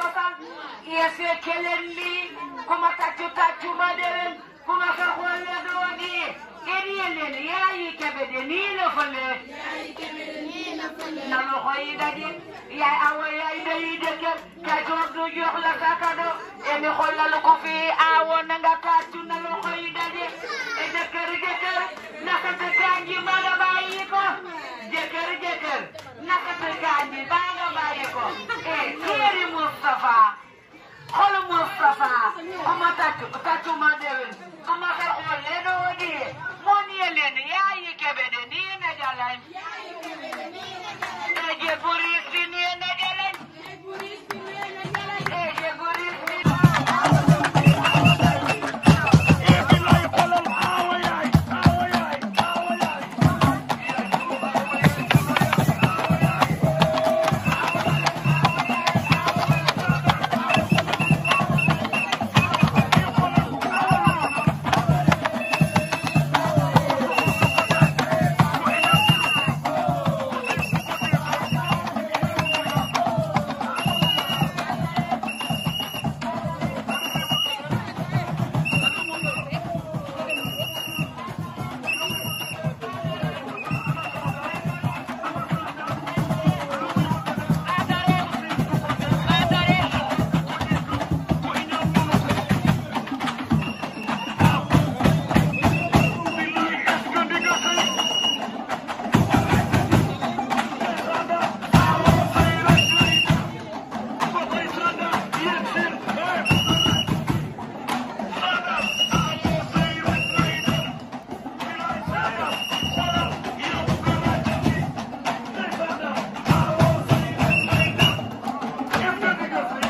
Ramadan yeese kelen li kuma taccu taccu ma deren kuma ka holle do ni eri kebe de la fale yaayi kebe de la fale na lo xoyi daje yaay awa yaay dayi dekel ka jox du jox la ka kado eni xollal ko fi awon ko eh yéeri Moustapha xolu Moustapha oma tàccu tàccu ma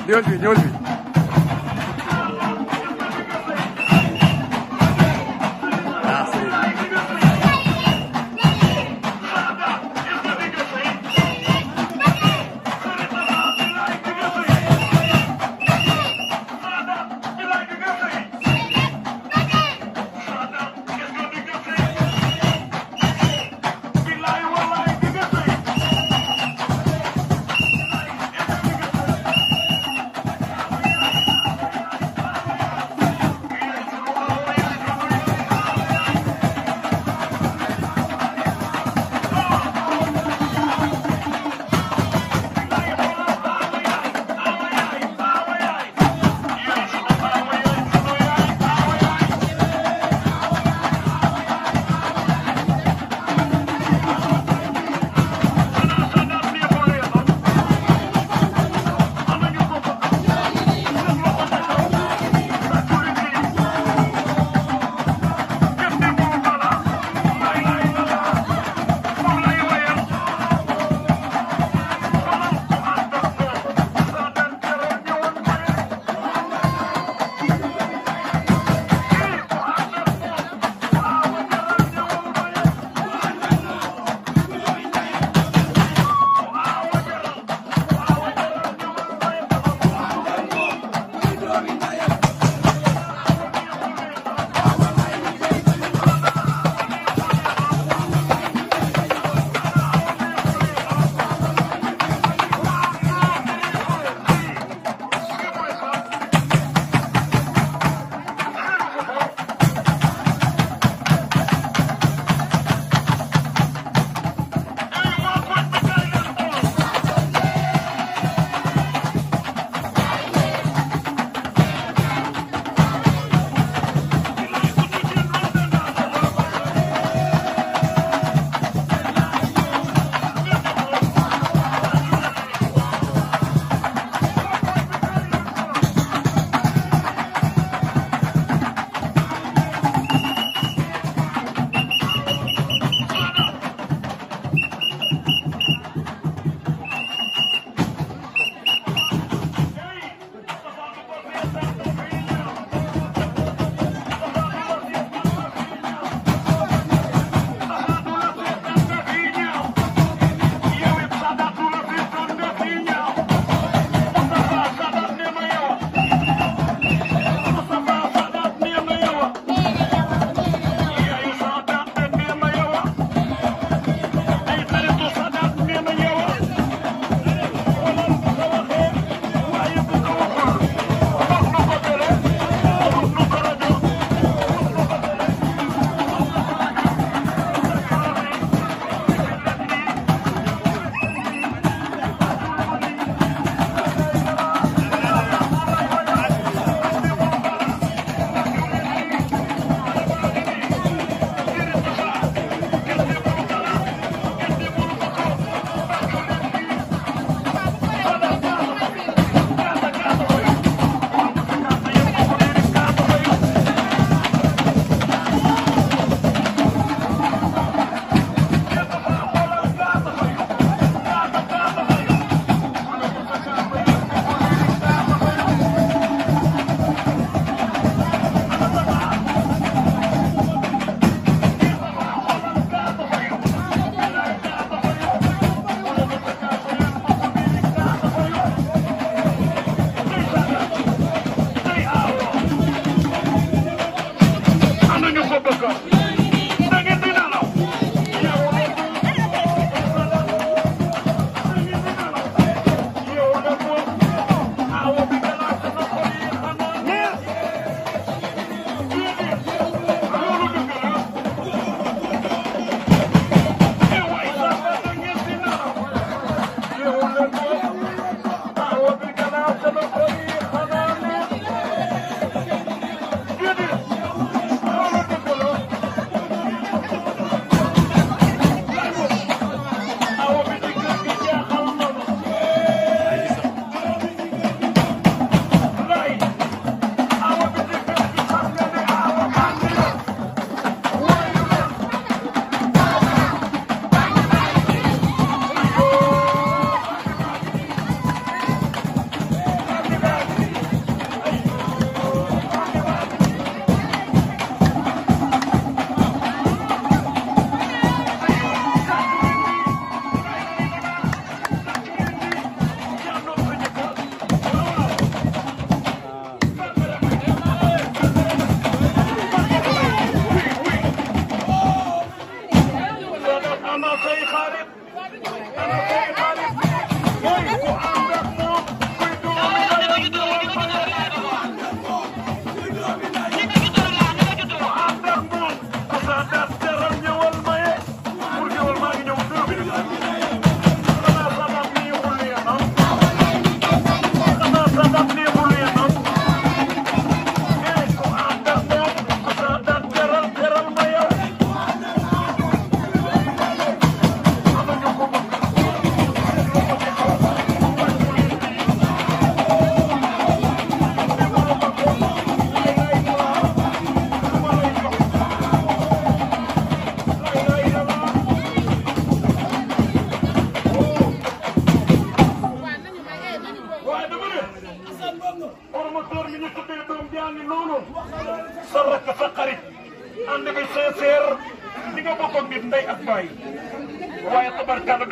ñëwal fii ñëwal fii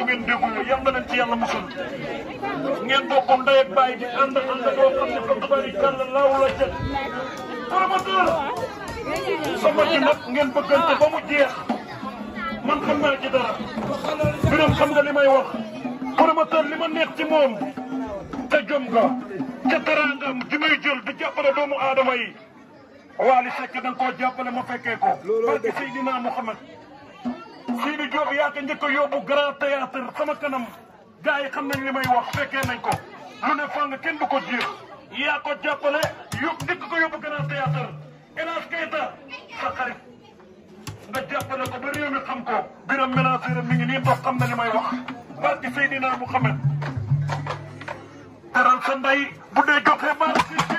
ngeen déggoo yal na leen ci yàlla musul ngeen bokk ndey ak baay di ànd ànd boo xam ne fa tubaari kàlla laaw la jël promoteur sama ji nag ngeen bëggante ba mu man xam naa ci dara biram xam nga li may wax promoteur li ma neex ci moom te jom nga ca teraangam ji di jàppale doomu aadama yi waali sàcc da nga koo jàppale ma fekkee ko barke Seydina Muhammad Sidi Diop yaa ko njëkk a yóbbu grand théâtre sama kanam yi xam ne li may wax fekkee nañ ko mu ne fang kenn du ko jiir yaa ko jàppale yób njëkk ko yóbbu grand théâtre El Hadj Keita sa xarit ko ba réew xam ko biram ménagère mi ngi nii ndox xam na li may wax a Seydina Muhammad teral sa ndey bu dee joxe barki